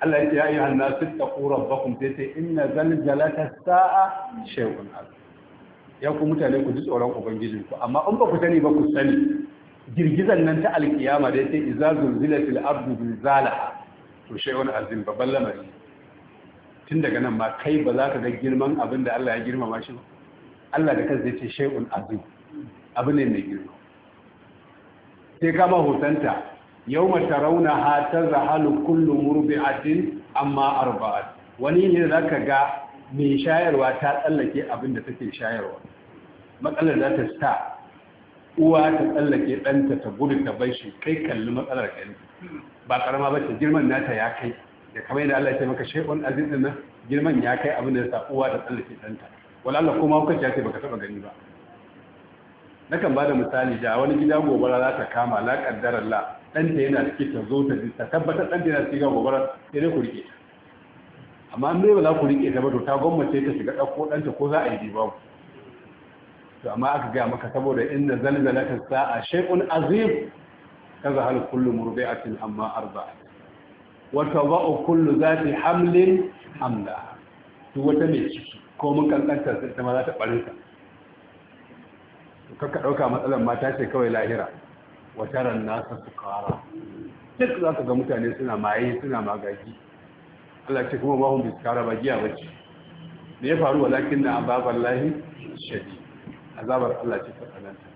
Allah ya ce ya ayyuhan nasu taqu rabbakum sai ce inna zalzalata sa'a shay'un azim ya ku mutane ku ji tsoron ubangijin ku amma in ba ku sani ba ku sani girgizan nan ta alkiyama da yace idza zulzilatil ardu zilzalaha to shay'un azim babban lamari tun daga nan ma kai ba za ka ga girman abin da Allah ya girmama shi ba Allah da kansa yace shay'un azim abu ne mai girma sai kama hotonta yawma tarawna ha zahalu kullu murbi'atin amma arba'at wani ne ka ga mai shayarwa ta tsallake abin da take shayarwa matsalar za ta sa uwa ta tsallake ɗanta ta gudu ta bai shi kai kalli matsalar ɗanta ba ƙarama ba ce girman nata ya kai da kamar yadda Allah ya ce maka shay'un azim din nan girman ya kai abin da ya sa uwa da tsallake danta wala Allah kuma hukunci ya ce baka taba gani ba nakan ba da misali da wani gida gobara za ta kama la kaddara dan ɗanta yana cike ta zo ta ta tabbatar ta yana cike gobara sai dai ku rike ta amma an ba za ku rike ta ba to ta gwammace ta shiga ɗauko ɗanta ko za a yi babu to amma aka gaya maka saboda inna sa sa'a shay'un azim kaza hal kullu murbi'atin amma arba'a wata ba'u kullu za ta hamlin hamla to wata mai ciki ko mun kankanta sai ta ma za ta barinta kakka ɗauka matsalar mata ce kawai lahira wata ran nasa su kara duk za ka ga mutane suna maye suna magaji. Allah ce kuma bahun bi kara ba giya bace me ya faru walakin na Ababar lahi shadi azabar Allah ce ta tsananta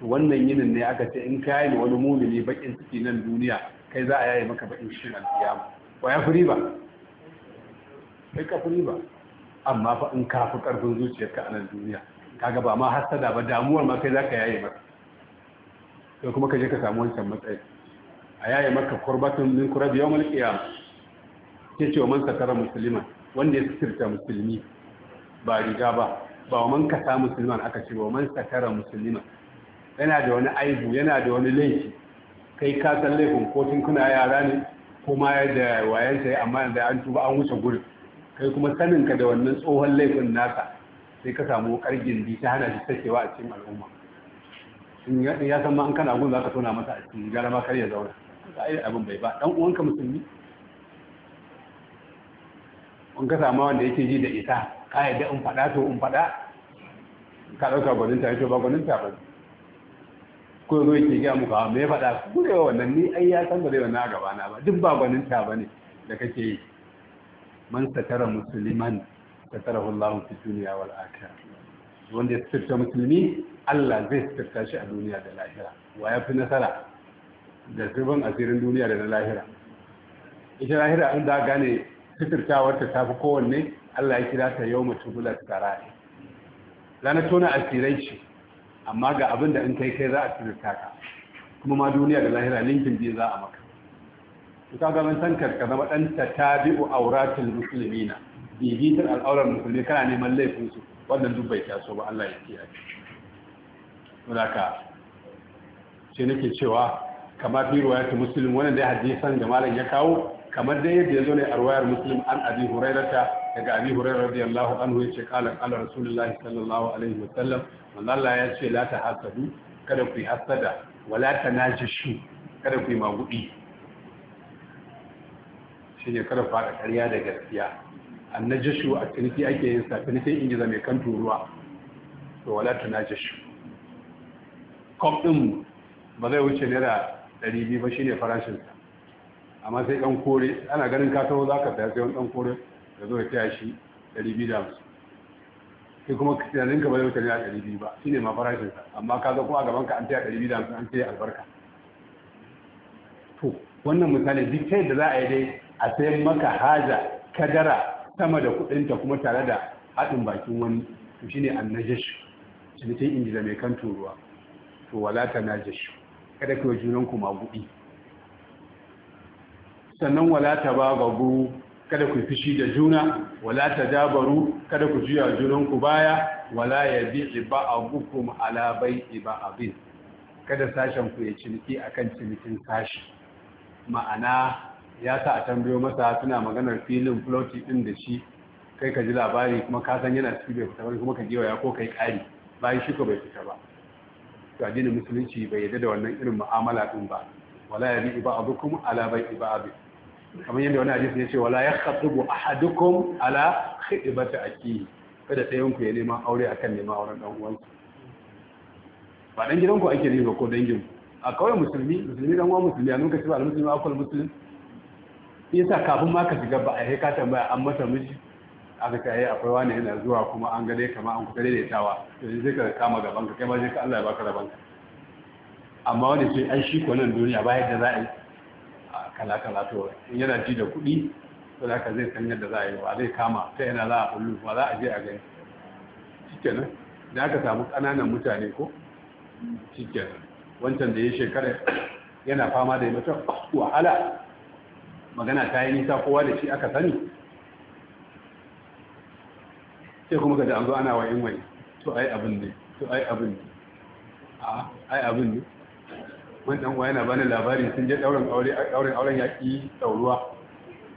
wannan yinin ne aka ce in kayi wani mumini bakin ciki nan duniya kai za a yaye maka bakin cikin alƙiyama wa ya fi riba kai ka fi riba amma fa in ka fi karfin zuciyarka a nan duniya kaga ba ma hasada ba damuwar ma kai za ka yaye maka to kuma ka je ka samu wancan matsayi a yaye maka kurbatun min kurabi yawmal qiyam ke cewa man satara musliman wanda ya sirta musulmi ba riga ba ba wa man kasa musulman aka ce wa man satara musulman yana da wani aibu yana da wani laifi kai ka san laifin ko tun kuna yara ne ko ma da wayan sai amma yanzu an tuba an wuce gurin kai kuma sanin ka da wannan tsohon laifin nasa sai ka samu ƙargin bi ta hana shi sakewa a cikin al'umma in ya san ma an kana gun zaka tona masa a cikin jarama ma kar ya zauna sai abin bai ba dan uwanka musulmi in ka samu wanda yake ji da ita ka yadda in faɗa to in faɗa ka ɗauka gwaninta ya ce ba gwaninta ba ko zo yake gaya muku a ah, me faɗa ku wannan ni ai ya san ba zai wannan a gaba na ba duk ba gwanin ta bane da kake yi man satara musliman satarahu Allahu fi dunya wal akhirah wanda ya sirta musulmi Allah zai sirta shi a duniya da lahira wa ya fi nasara da zurban asirin duniya da na lahira ita lahira an da gane sifirtawar ta tafi kowanne Allah ya kira ta yau mutubula bula tsara ranar tona asirai ce amma ga abin da in kai kai za a cire taka kuma ma duniya da lahira linkin biyu za a maka su ka gaban tankar ka zama dan tatabi'u musulmi na bibitar al'aurar musulmi kana neman laifin su wannan duk bai so ba Allah ya kiyaye ka sai nake cewa kamar fi ruwayatu muslim wannan dai hadisan da malam ya kawo kamar dai yadda ya zo ne a ruwayar musulmi an abi hurairata daga abi hurairah radiyallahu anhu yace qala qala rasulullahi sallallahu alaihi wa sallam Allah ya ce la tahasadu kada ku yi hasada wala tanajishu kada ku yi magudi shine kada fara ƙarya da gaskiya annajishu a ciniki ake yin sa cinikin ingiza mai kan turuwa to wala tanajishu kwam din ba zai wuce naira ɗari biyu ba shine farashin sa amma sai dan kore ana ganin ka za ka saya sai wani dan kore ka zo ka taya shi 250 sai kuma tunanin ka ba zai wuce na 200 ba shine ma farashin amma ka zo kuma a gaban ka an taya 250 an taya albarka to wannan misali duk ta yadda za a yi dai a sayan maka haja kadara sama da kudinta kuma tare da haɗin bakin wani to shine annajash cinikin injila mai kan turuwa to wala ta najash kada ku yi junan ku magudi sannan wala ta ba gabu kada ku fishi da juna wala tadabaru kada ku juya junan ku baya wala yabi'i ba'abukum ala bai'i abin. kada sashen ku ya ciniki akan cinikin sashi ma'ana ya sa a tambayo masa suna maganar filin floti din da shi kai ka ji labari kuma ka san yana ciki bai fita ba kuma ka ya ko kai kari bayan shi ko bai fita ba to addinin musulunci bai yarda da wannan irin mu'amala din ba wala yabi'i ba'abukum ala bai'i abin. kamar yadda wani hadisi ya ce wala ya a ahadukum ala khidbati akihi kada sai yanku ya nema aure akan nema auren dan uwanku. ba dan gidanku ake ne ba ko dangin a kawai musulmi musulmi dan uwan musulmi a nuka cewa musulmi akwai musulmi yasa kafin ma ka shiga ba a yi ka tambaya an mata miji aka ce ai akwai wani yana zuwa kuma an gade kama an kuka daidaitawa to zai ka kama gaban ka kai ma zai ka Allah ya baka rabanka amma wani sai ai shi ko nan duniya ba yadda za a yi kala kala to yana ji da kuɗi to da zai san yadda za a yi wa zai kama ta yana za a kullu ba za a je a gani shikenan da aka samu ƙananan mutane ko shikenan wancan da ya shekara yana fama da yi mata wahala magana ta yi nisa kowa da shi aka sani sai kuma ga da an zo ana wa'in wai to ai abin ne to ai abin ne a ai abin ne wani dan uwa yana bani labari sun je dauren aure dauren auren ya ki tsauruwa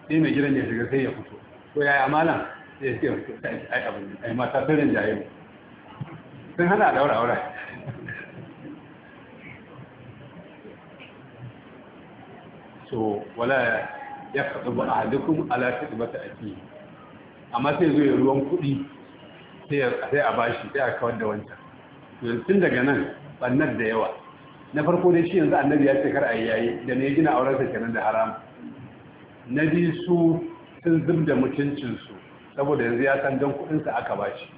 sai mai gidan ya shiga sai ya fito to yaya malam sai ya ce ai abin ai mata sirrin jaye sun hana daura aure so wala ya kaɗu ba a dukkan alaƙa da mata ake amma sai zo ruwan kuɗi sai a bashi sai a kawar da wancan tun daga nan ɓannar da yawa na farko dai shi yanzu annabi ya ce kar a yayi da ne gina auren sa kenan da haram na biyu su sun zub da mutuncinsu saboda yanzu ya san don kuɗinsa aka bashi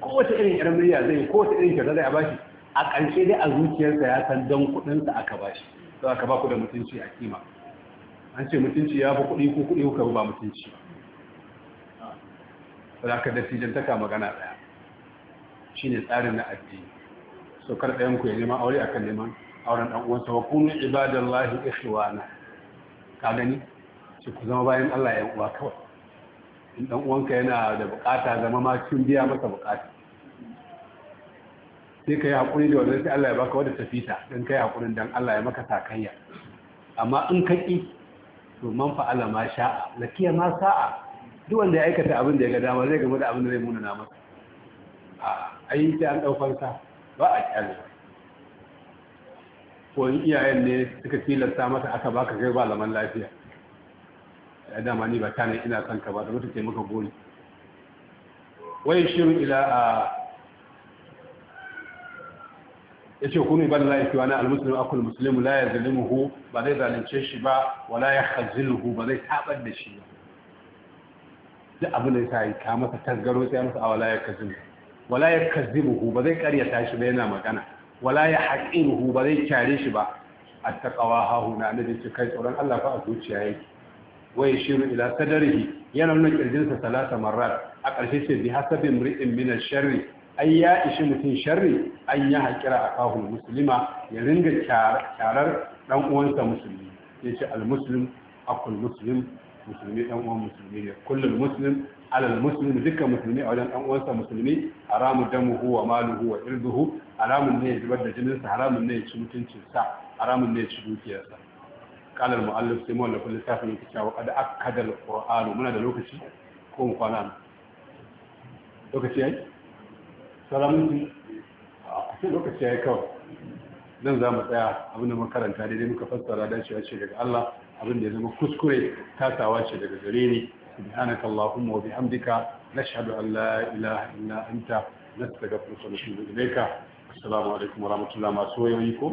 kowace irin irin murya zai yi kowace irin kyauta zai a bashi a ƙarshe dai a zuciyarsa ya san don kuɗinsa aka bashi to aka ba ku da mutunci a kima an ce mutunci ya fi kuɗi ko kuɗi kuka ba mutunci ba za ka dattijantaka magana ɗaya shine tsarin na addini so kar ɗayan ku ya neman aure a kan neman auren ɗan uwansa wa kunu ibadallahi ikhwana ka gani shi ku zama bayan Allah ya uwa kawai in ɗan uwanka yana da bukata zama ma cikin biya masa bukata sai ka yi haƙuri da wannan sai Allah ya baka wadda tafita don ka yi haƙurin don Allah ya maka sakayya amma in ka ƙi to man fa Allah ma sha'a lakiya ma sa'a duk wanda ya aikata abin da ya ga dama zai gama da abin da zai muna na masa a ai sai an ɗaukar sa ba a kyale ko in iyayen ne suka tilasta mata aka baka kai ba laman lafiya ya dama ni ba ta ne ina son ka ba da mutu ce maka gori wai shirin ila a ya ce kunu ibada la yafi wani almuslim akul muslim la ya hu? ba zai zalunce shi ba wala ya hu? ba zai tabar da shi ba duk abin da ya sa yi ka masa tasgaro sai masa awala ya khaziluhu wala ya kazzibuhu ba zai karyata shi ba yana magana wala ya haqiruhu ba zai kyare shi ba attaqawa hahuna annabi ce kai tsoron Allah fa a zuciya yake waye shiru ila sadarihi yana nuna kirjinsa talata marar a ƙarshe ce bi hasabin ri'in min sharri ai ya ishi mutum sharri an ya haƙira a kahun musulma ya ringa kyarar ɗan uwansa musulmi ya ce al-muslim akul muslim musulmi ɗan uwan musulmi ne kullum muslim alal muslimi dukkan musulmi a wajen ɗan uwansa musulmi haramun damuhu wa maluhu wa irduhu haramun ne ya zubar da jininsa haramun ne ya ci mutuncinsa haramun ne ya ci dukiyarsa قال المؤلف سيمون لكل لسافة يكتشى وقد أكد القرآن ومن هذا لوكشي كون قنان لوكشي أي سلامتي أحسن لوكشي أي كون nan za mu tsaya abinda makaranta daidai muka fassara dacewa ce daga Allah da ya zama kuskure tasawa ce daga gare ni سبحانك اللهم وبحمدك نشهد أن لا إله إلا أنت نستغفرك ونتوب إليك السلام عليكم ورحمة الله ما سوى يومكم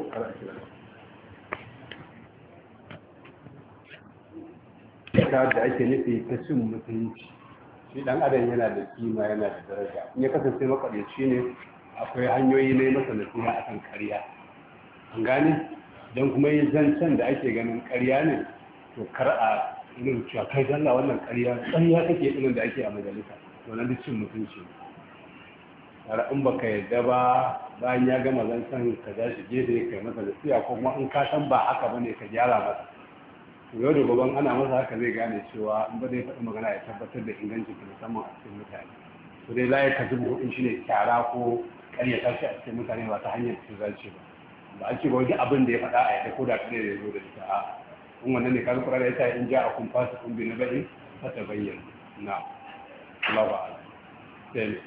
ta da ake nufi ta cin mutunci shi dan adam yana da kima yana da daraja in ya kasance makwarci ne akwai hanyoyi na masa nasiha akan karya an gane don kuma yin zancen da ake ganin karya ne to kar a irin cewa kai dalla wannan ƙarya ƙarya take irin da ake a majalisa to nan duk cin mutunci tare in baka yarda ba bayan ya gama san ka ja shi gefe kai masa nasiya ko kuma in ka san ba haka bane ka gyara masa to yau da ana masa haka zai gane cewa in ba zai faɗi magana ya tabbatar da ingancin musamman a cikin mutane to dai la ya ka zubu in shine kyara ko ƙarya ta shi a cikin mutane ba ta hanyar da ta ba ba a ce ba wani abin da ya faɗa a yadda ko da kare da ya zo da ita a'a in wannan ne kaga qur'ani ya ce in ja a kun fasa kun bi na naba'in fatabayyanu na Allahu a'lam sai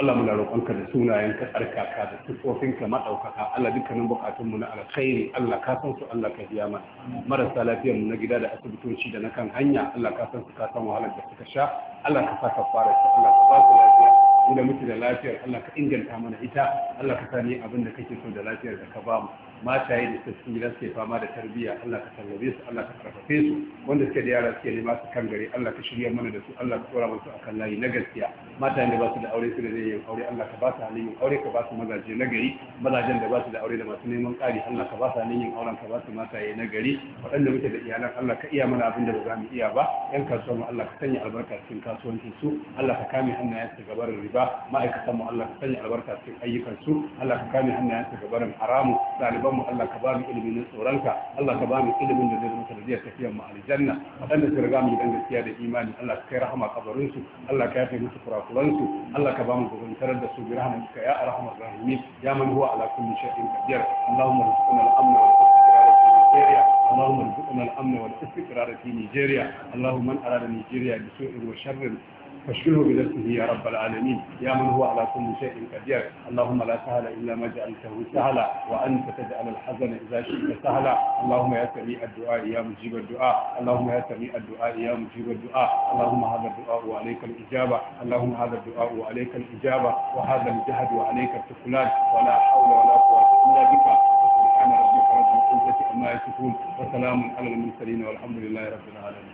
Allah muna roƙonka da sunayen ka tsarkaka da sifofinka maɗaukaka Allah dukkanin buƙatunmu na alkhairi Allah ka san su Allah ka biya mana marasa lafiyar mu na gida da asibitoci da na kan hanya Allah ka san su ka san wahalar da suka sha Allah ka saka fara su Allah ka ba su lafiya mu da mutu da lafiyar Allah ka inganta mana ita Allah ka sani abin da kake so da lafiyar da ka ba mu mataye da sassun gidan suke fama da tarbiyya Allah ka tallabe su Allah ka karfafe su wanda suke da yara suke nema su kan gari Allah ka shirya mana da su Allah ka tsora musu akan layi na gaskiya mataye da ba su da aure su da zai yin aure Allah ka ba su halin yin aure ka ba su mazaje na gari mazajen da ba su da aure da masu neman ƙari Allah ka ba su halin yin auren ka ba su mataye na gari waɗanda muke da iyalan Allah ka iya mana abin da ba za mu iya ba ƴan kasuwar mu Allah ka sanya albarka cikin kasuwancin su Allah ka kame hannayen su gabarin riba ma'aikatan mu Allah ka sanya albarka cikin ayyukan su Allah ka kame hannayen su gabarin haramu ɗaliban rayuwar mu Allah ka ba mu ilimi na tsoronka Allah ka ba mu ilimin da zai zama sanadiyar tafiyar mu aljanna waɗanda su riga mu gidan gaskiya da imani Allah ka kai rahama kabarin su Allah ka yafe musu kurakuran su Allah ka ba mu gubantarar da su bi rahmatika ya arhamar rahimin ya man huwa ala kulli shay'in qadir Allahumma rizqna al-amna wal-istiqrar fi Nigeria اللهم ارزقنا الامن والاستقرار في نيجيريا اللهم من اراد نيجيريا بسوء وشر فاشكره بنفسه يا رب العالمين يا من هو على كل شيء قدير اللهم لا سهل إلا ما جعلته سهلا وأنت تجعل الحزن إذا شئت سهلا اللهم يا سميع الدعاء يا مجيب الدعاء اللهم يا سميع الدعاء يا مجيب الدعاء اللهم هذا الدعاء وعليك الإجابة اللهم هذا الدعاء وعليك الإجابة وهذا الجهد وعليك التكلان ولا حول ولا قوة إلا بك سبحان ربك رب العزة عما يصفون وسلام على المرسلين والحمد لله رب العالمين